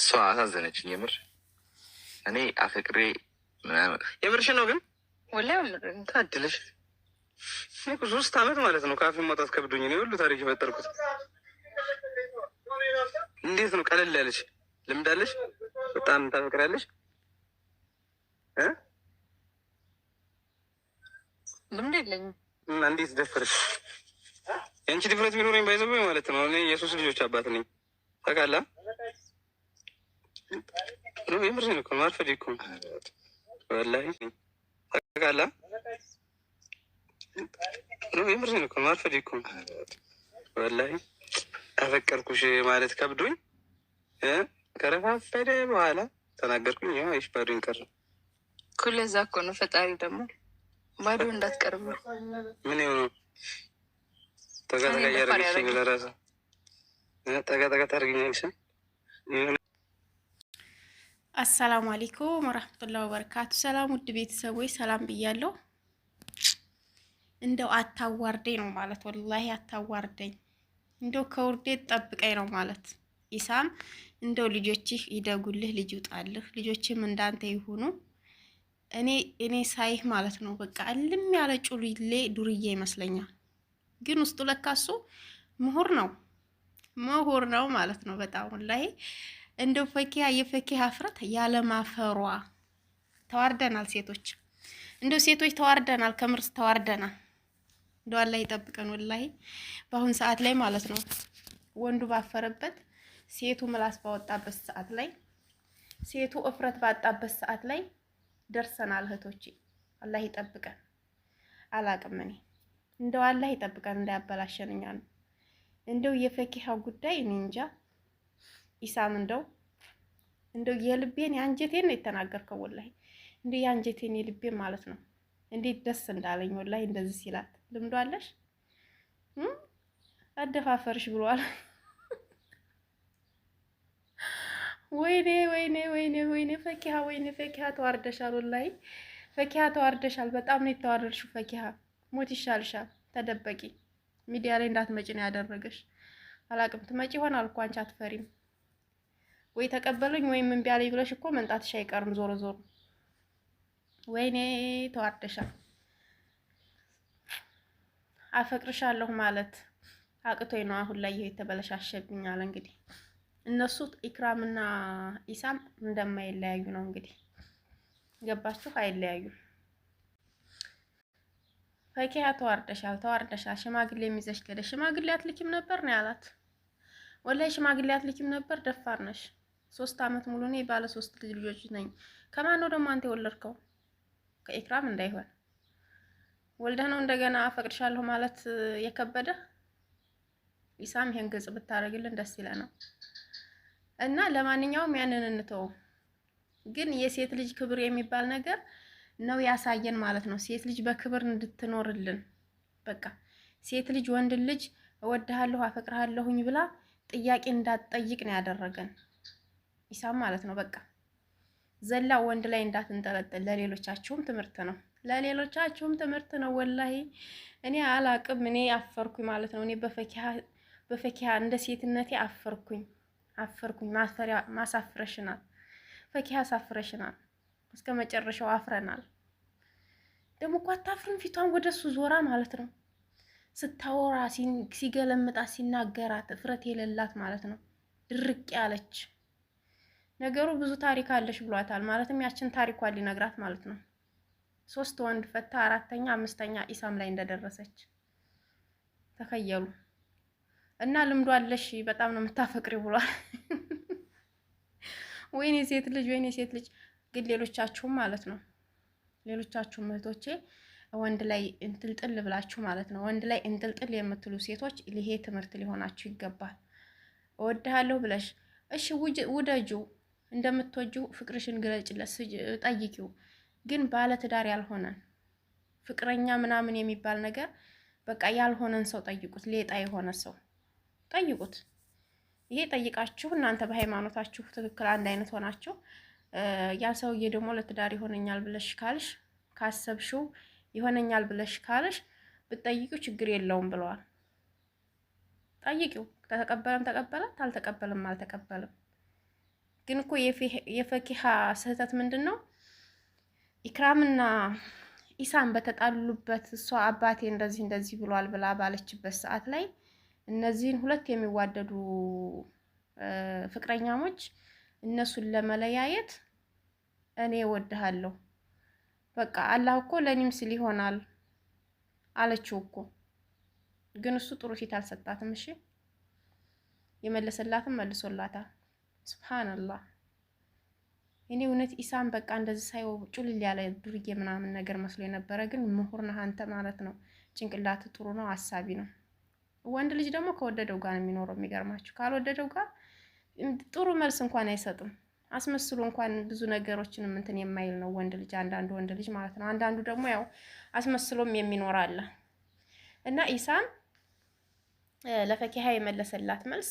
እሷ አሳዘነችኝ። የምር እኔ አፈቅሬ የምርሽ ነው ግን ወላሂ ታድልሽ ሶስት አመት ማለት ነው ከአፌ ማውጣት ከብዶኝ ነው ሁሉ ታሪክ የፈጠርኩት። እንዴት ነው ቀለል ያለች ልምዳለች በጣም ታፈቅሪያለሽ። ልምድ የለኝም እና እንዴት ደፈርሽ? የአንቺ ድፍረት ቢኖረኝ ባይዘ ማለት ነው እኔ የሶስት ልጆች አባት ነኝ ታውቃለህ። የምር እኮ ማርፈድ እኮ ወላሂ ታውቃለህ። የምር እኮ ማርፈድ እኮ ወላሂ አፈቀርኩሽ ማለት ከብዶኝ ከረፋፈደ በኋላ ተናገርኩኝ። ያው ይሽ ባዶኝ ቀረ እኮ ለዛ እኮ ነው ፈጣሪ ደግሞ ባዶ እንዳትቀርብ ምን ሆኑ ጠጋ ጠጋ እያደረገች ለራሱ ጠጋ አሰላሙ አለይኩም ወራህመቱላሂ ወበረካቱ። ሰላም ውድ ቤተሰቦች ሰላም ብያለሁ። እንደው አታዋርደኝ ነው ማለት ወላሂ አታዋርደኝ፣ እንደው ከውርዴ ጠብቀኝ ነው ማለት ኢሳም። እንደው ልጆችህ ይደጉልህ፣ ልጅ ይውጣልህ፣ ልጆችም እንዳንተ ይሁኑ። እኔ እኔ ሳይህ ማለት ነው በቃ እልም ያለ ጩልሌ ዱርዬ ይመስለኛል፣ ግን ውስጡ ለካሱ ምሁር ነው ምሁር ነው ማለት ነው በጣም ወላሂ እንደው ፈኪያ የፈኪያ ፍረት ያለማፈሯ ተዋርደናል። ሴቶች እንደው ሴቶች ተዋርደናል፣ ከምርስ ተዋርደናል። እንደው አላህ ይጠብቀን። ወላሂ በአሁን ሰዓት ላይ ማለት ነው ወንዱ ባፈረበት፣ ሴቱ ምላስ ባወጣበት ሰዓት ላይ፣ ሴቱ እፍረት ባጣበት ሰዓት ላይ ደርሰናል። እህቶቼ አላህ ይጠብቀን። አላቅም እኔ እንደው አላህ ይጠብቀን እንዳያበላሸን እኛን እንደው የፈኪያ ጉዳይ እኔ እንጃ ኢሳም እንደው እንደው የልቤን የአንጀቴን ነው የተናገርከው። ወላሂ እንደው የአንጀቴን የልቤን ማለት ነው። እንዴት ደስ እንዳለኝ ወላሂ እንደዚህ ሲላት። ልምዷለሽ አደፋፈርሽ ብሏል። ወይኔ ወይኔ ወይኔ ወይኔ ፈኪሃ ወይኔ ፈኪሃ ተዋርደሻል። ወላሂ ፈኪሃ ተዋርደሻል። በጣም ነው የተዋረድሽው ፈኪሃ። ሞት ይሻልሻል። ተደበቂ። ሚዲያ ላይ እንዳትመጪ ነው ያደረገሽ። አላቅም ትመጪ ይሆናል እኮ አንቺ አትፈሪም። ወይ ተቀበለኝ ወይም እምቢ አለኝ ብለሽ እኮ መምጣትሽ አይቀርም ዞሮ ዞሮ። ወይኔ ተዋርደሻል። አፈቅርሻለሁ ማለት አቅቶኝ ነው አሁን ላይ ይሄ የተበለሻሸብኝ አለ። እንግዲህ እነሱ ኢክራምና ኢሳም እንደማይለያዩ ነው እንግዲህ ገባችሁ? አይለያዩም። ፈኪያ ተዋርደሻል፣ ተዋርደሻል። ሽማግሌ የሚዘሽ ገደ ሽማግሌ አትልኪም ነበር ነው ያላት። ወላይ ሽማግሌ አትልኪም ነበር፣ ደፋር ነሽ። ሶስት አመት ሙሉ እኔ ባለ ሶስት ልጆች ነኝ። ከማን ነው ደግሞ አንተ የወለድከው? ከኤክራም እንዳይሆን ወልደህ ነው እንደገና አፈቅድሻለሁ ማለት የከበደ ኢሳም፣ ይሄን ግልጽ ብታደርግልን ደስ ይለናል። እና ለማንኛውም ያንን እንተው። ግን የሴት ልጅ ክብር የሚባል ነገር ነው ያሳየን ማለት ነው። ሴት ልጅ በክብር እንድትኖርልን በቃ ሴት ልጅ ወንድ ልጅ እወድሃለሁ አፈቅርሃለሁኝ ብላ ጥያቄ እንዳትጠይቅ ነው ያደረገን። ኢሳም ማለት ነው። በቃ ዘላ ወንድ ላይ እንዳትንጠለጠል ለሌሎቻችሁም ትምህርት ነው። ለሌሎቻችሁም ትምህርት ነው። ወላሂ እኔ አላቅም። እኔ አፈርኩኝ ማለት ነው። እኔ በፈኪሃ እንደ ሴትነቴ አፈርኩኝ፣ አፈርኩኝ። ማሳፍረሽናል ፈኪሃ፣ አሳፍረሽናል። እስከ መጨረሻው አፍረናል። ደግሞ እኮ አታፍርም። ፊቷን ወደሱ ዞራ ማለት ነው ስታወራ ሲገለምጣት ሲናገራት እፍረት የሌላት ማለት ነው። ድርቅ ያለች ነገሩ ብዙ ታሪክ አለሽ ብሏታል። ማለትም ያችን ታሪኳን ሊነግራት ማለት ነው። ሶስት ወንድ ፈታ፣ አራተኛ አምስተኛ ኢሳም ላይ እንደደረሰች ተከየሉ እና ልምዱ አለሽ በጣም ነው የምታፈቅሪ ብሏል። ወይኔ ሴት ልጅ ወይኔ ሴት ልጅ ግን ሌሎቻችሁም ማለት ነው ሌሎቻችሁም እህቶቼ ወንድ ላይ እንጥልጥል ብላችሁ ማለት ነው ወንድ ላይ እንጥልጥል የምትሉ ሴቶች ይሄ ትምህርት ሊሆናችሁ ይገባል። እወድሃለሁ ብለሽ እሺ ውደጁ እንደምትወጁ ፍቅርሽን ግለጭለት፣ ጠይቂው። ግን ባለትዳር ያልሆነን ፍቅረኛ ምናምን የሚባል ነገር በቃ ያልሆነን ሰው ጠይቁት። ሌጣ የሆነ ሰው ጠይቁት። ይሄ ጠይቃችሁ እናንተ በሃይማኖታችሁ ትክክል አንድ አይነት ሆናችሁ ያ ሰውዬ ደግሞ ለትዳር ይሆነኛል ብለሽ ካልሽ ካሰብሽው ይሆነኛል ብለሽ ካልሽ ብትጠይቂው ችግር የለውም ብለዋል። ጠይቂው። ተቀበለም ተቀበለ፣ አልተቀበለም አልተቀበለም። ግን እኮ የፈኪሃ ስህተት ምንድን ነው? ኢክራምና ኢሳም በተጣሉበት እሷ አባቴ እንደዚህ እንደዚህ ብሏል ብላ ባለችበት ሰዓት ላይ እነዚህን ሁለት የሚዋደዱ ፍቅረኛሞች እነሱን ለመለያየት እኔ እወድሃለሁ፣ በቃ አላህ እኮ ለእኔም ሲል ይሆናል አለችው እኮ። ግን እሱ ጥሩ ፊት አልሰጣትም። እሺ የመለሰላትም መልሶላታል። ስብሓንላህ እኔ እውነት ኢሳም በቃ እንደዚህ ሳይወ ጩልል ያለ ዱርዬ ምናምን ነገር መስሎ የነበረ ግን ምሁር ነህ አንተ ማለት ነው። ጭንቅላት ጥሩ ነው፣ አሳቢ ነው። ወንድ ልጅ ደግሞ ከወደደው ጋር የሚኖረው የሚገርማችሁ፣ ካልወደደው ጋር ጥሩ መልስ እንኳን አይሰጥም። አስመስሎ እንኳን ብዙ ነገሮችን እንትን የማይል ነው ወንድ ልጅ፣ አንዳንዱ ወንድ ልጅ ማለት ነው። አንዳንዱ ደግሞ ያው አስመስሎም የሚኖር አለ እና ኢሳም ለፈኪሀ የመለሰላት መልስ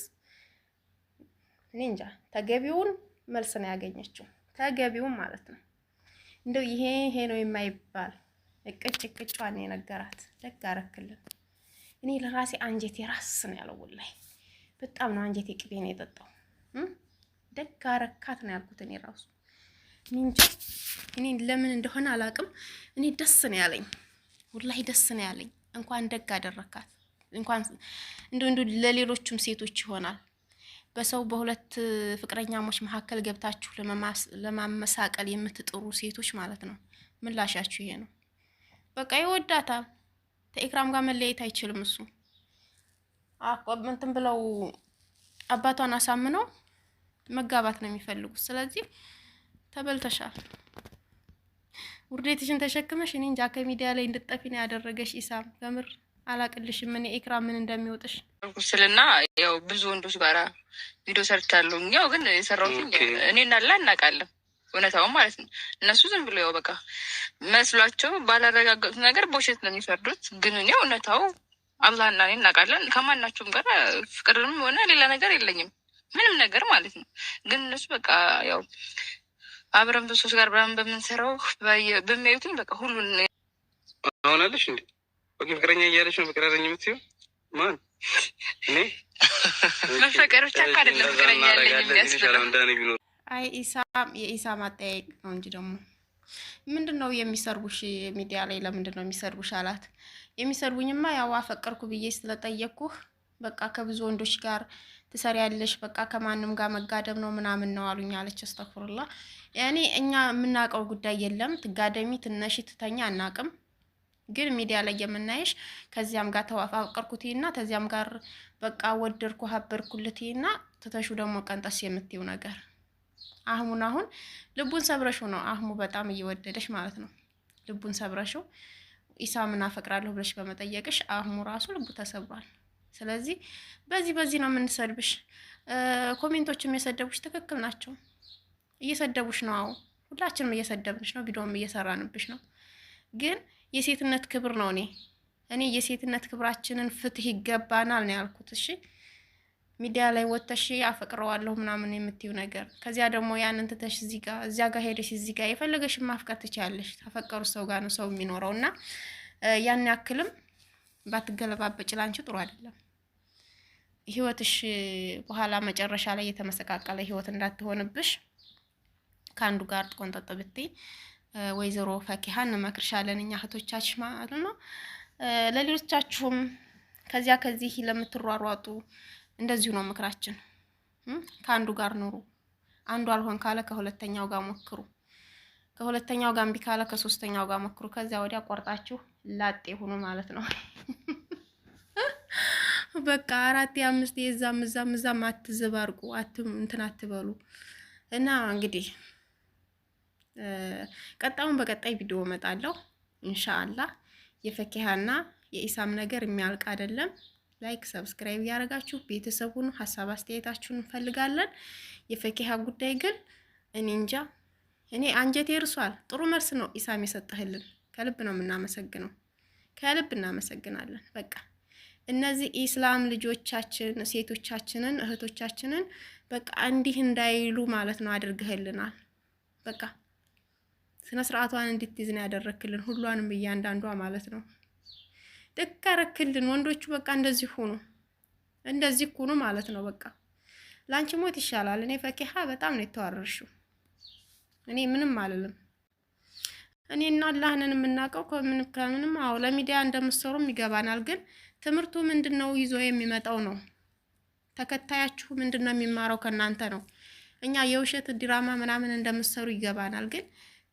እኔ እንጃ ተገቢውን መልስ ነው ያገኘችው። ተገቢውን ማለት ነው እንደው ይሄ ይሄ ነው የማይባል እቅጭ እቅጫን የነገራት ደግ አረክልን። እኔ ለራሴ አንጀቴ ራስ ነው ያለው። ወላሂ በጣም ነው አንጀቴ ቅቤ ነው የጠጣው። ደግ አረካት ነው ያልኩት እኔ ራሱ እንጃ እኔ ለምን እንደሆነ አላውቅም። እኔ ደስ ነው ያለኝ፣ ወላሂ ደስ ነው ያለኝ። እንኳን ደግ አደረካት። እንኳን እንደው ለሌሎቹም ሴቶች ይሆናል በሰው በሁለት ፍቅረኛሞች መካከል ገብታችሁ ለማመሳቀል የምትጥሩ ሴቶች ማለት ነው። ምላሻችሁ ይሄ ነው። በቃ ይወዳታል። ከኢክራም ጋር መለየት አይችልም። እሱ እንትን ብለው አባቷን አሳምነው መጋባት ነው የሚፈልጉት። ስለዚህ ተበልተሻል። ውርዴትሽን ተሸክመሽ እኔ እንጃ ከሚዲያ ላይ እንድጠፊ ነው ያደረገሽ ኢሳም በምር አላቅልሽም። ምን ኤክራ ምን እንደሚወጥሽ ስልና ያው ብዙ ወንዶች ጋር ቪዲዮ ሰርቻለሁ። ያው ግን የሰራሁት እኔና ላ እናውቃለን እውነታውን ማለት ነው። እነሱ ዝም ብሎ ያው በቃ መስሏቸው ባላረጋገጡት ነገር በውሸት ነው የሚፈርዱት። ግን እኔ እውነታው አላህና እኔ እናውቃለን። ከማናቸውም ጋር ፍቅርም ሆነ ሌላ ነገር የለኝም ምንም ነገር ማለት ነው። ግን እነሱ በቃ ያው አብረን ብሶች ጋር ብረን በምንሰራው በሚያዩትም በቃ ሁሉን ሆናለሽ እንዴ ፍቅረኛ እያለች ነው ፍቅር ያለኝ የምትይው ማን? እኔ መፈቀር ብቻ እኮ አይደለም ፍቅረኛ ያለኝ የሚያስብለው። አይ ኢሳም የኢሳ አጠያየቅ ነው እንጂ ደግሞ ምንድን ነው የሚሰርቡሽ? ሚዲያ ላይ ለምንድን ነው የሚሰርቡሽ አላት። የሚሰርቡኝማ ያው አፈቀርኩ ብዬ ስለጠየቅኩህ በቃ ከብዙ ወንዶች ጋር ትሰሪያለሽ፣ በቃ ከማንም ጋር መጋደም ነው ምናምን ነው አሉኝ አለች። አስተኩርላ ያኔ እኛ የምናውቀው ጉዳይ የለም። ትጋደሚ ትነሺ ትተኛ አናቅም። ግን ሚዲያ ላይ የምናይሽ ከዚያም ጋር ተዋፋቀርኩትና ተዚያም ጋር በቃ ወደድኩ ሀበርኩልትና ትተሹ ደግሞ ቀንጠስ የምትይው ነገር አህሙን አሁን ልቡን ሰብረሹ ነው። አህሙ በጣም እየወደደሽ ማለት ነው። ልቡን ሰብረሹ ኢሳምን አፈቅራለሁ ብለሽ በመጠየቅሽ አህሙ ራሱ ልቡ ተሰብሯል። ስለዚህ በዚህ በዚህ ነው የምንሰድብሽ። ኮሜንቶችም የሰደቡሽ ትክክል ናቸው። እየሰደቡሽ ነው። አዎ ሁላችንም እየሰደብንሽ ነው። ቪዲዮም እየሰራንብሽ ነው ግን የሴትነት ክብር ነው። እኔ እኔ የሴትነት ክብራችንን ፍትህ ይገባናል ነው ያልኩት። እሺ ሚዲያ ላይ ወጥተሽ አፈቅረዋለሁ ምናምን የምትዩ ነገር ከዚያ ደግሞ ያንን ትተሽ እዚህ ጋር እዚያ ጋር ሄደሽ እዚህ ጋር የፈለገሽ ማፍቀር ትችያለሽ። ተፈቀሩ ሰው ጋር ነው ሰው የሚኖረው እና ያን ያክልም ባትገለባበጭ ላንቺ ጥሩ አይደለም። ህይወትሽ በኋላ መጨረሻ ላይ የተመሰቃቀለ ህይወት እንዳትሆንብሽ ከአንዱ ጋር ጥቆንጠጥ ብትይ ወይዘሮ ፈኪሃ እንመክርሻለን እኛ እህቶቻችን ማለት ነው። ለሌሎቻችሁም ከዚያ ከዚህ ለምትሯሯጡ እንደዚሁ ነው ምክራችን። ከአንዱ ጋር ኑሩ። አንዱ አልሆን ካለ ከሁለተኛው ጋር ሞክሩ። ከሁለተኛው ጋር እምቢ ካለ ከሶስተኛው ጋር ሞክሩ። ከዚያ ወዲያ ቆርጣችሁ ላጤ ሁኑ ማለት ነው። በቃ አራት አምስት የዛም እዛም እዛም አትዘባርቁ፣ እንትን አትበሉ እና እንግዲህ ቀጣዩን በቀጣይ ቪዲዮ እመጣለሁ ኢንሻአላህ። የፈኪሃና የኢሳም ነገር የሚያልቅ አይደለም። ላይክ ሰብስክራይብ እያደረጋችሁ ቤተሰቡን ሀሳብ አስተያየታችሁን እንፈልጋለን። የፈኪሃ ጉዳይ ግን እኔ እንጃ እኔ አንጀቴ እርሷል። ጥሩ መልስ ነው ኢሳም የሰጠህልን። ከልብ ነው የምናመሰግነው፣ ከልብ እናመሰግናለን። በቃ እነዚህ ኢስላም ልጆቻችን ሴቶቻችንን እህቶቻችንን በቃ እንዲህ እንዳይሉ ማለት ነው አድርገህልናል። በቃ ስነ ስርዓቷን እንድትይዝ ነው ያደረክልን፣ ሁሏንም እያንዳንዷ ማለት ነው። ልክ አረክልን። ወንዶቹ በቃ እንደዚህ ሁኑ፣ እንደዚህ ሁኑ ማለት ነው። በቃ ላንቺ ሞት ይሻላል። እኔ ፈኪሀ በጣም ነው የተዋረርሽው። እኔ ምንም አልልም። እኔ እና አላህንን የምናውቀው ከምን ከምንም። አዎ ለሚዲያ እንደምትሰሩም ይገባናል። ግን ትምህርቱ ምንድን ነው ይዞ የሚመጣው ነው። ተከታያችሁ ምንድን ነው የሚማረው ከእናንተ ነው። እኛ የውሸት ድራማ ምናምን እንደምትሰሩ ይገባናል ግን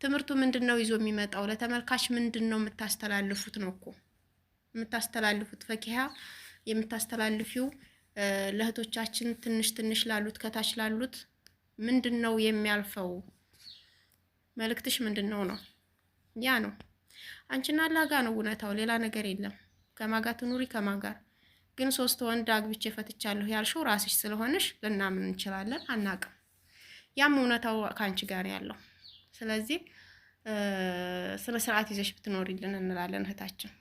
ትምህርቱ ምንድን ነው ይዞ የሚመጣው? ለተመልካች ምንድን ነው የምታስተላልፉት? ነው እኮ የምታስተላልፉት ፈኪያ የምታስተላልፊው ለእህቶቻችን ትንሽ ትንሽ ላሉት ከታች ላሉት ምንድን ነው የሚያልፈው መልእክትሽ ምንድን ነው? ነው ያ ነው አንቺና ላጋ ነው እውነታው፣ ሌላ ነገር የለም። ከማጋ ትኑሪ ከማጋር ግን ሶስት ወንድ አግብቼ ፈትቻለሁ ያልሽው ራስሽ ስለሆነሽ ልናምን እንችላለን፣ አናቅም። ያም እውነታው ከአንቺ ጋር ያለው ስለዚህ ስነ ስርዓት ይዘሽ ብትኖሪልን እንላለን እህታችን።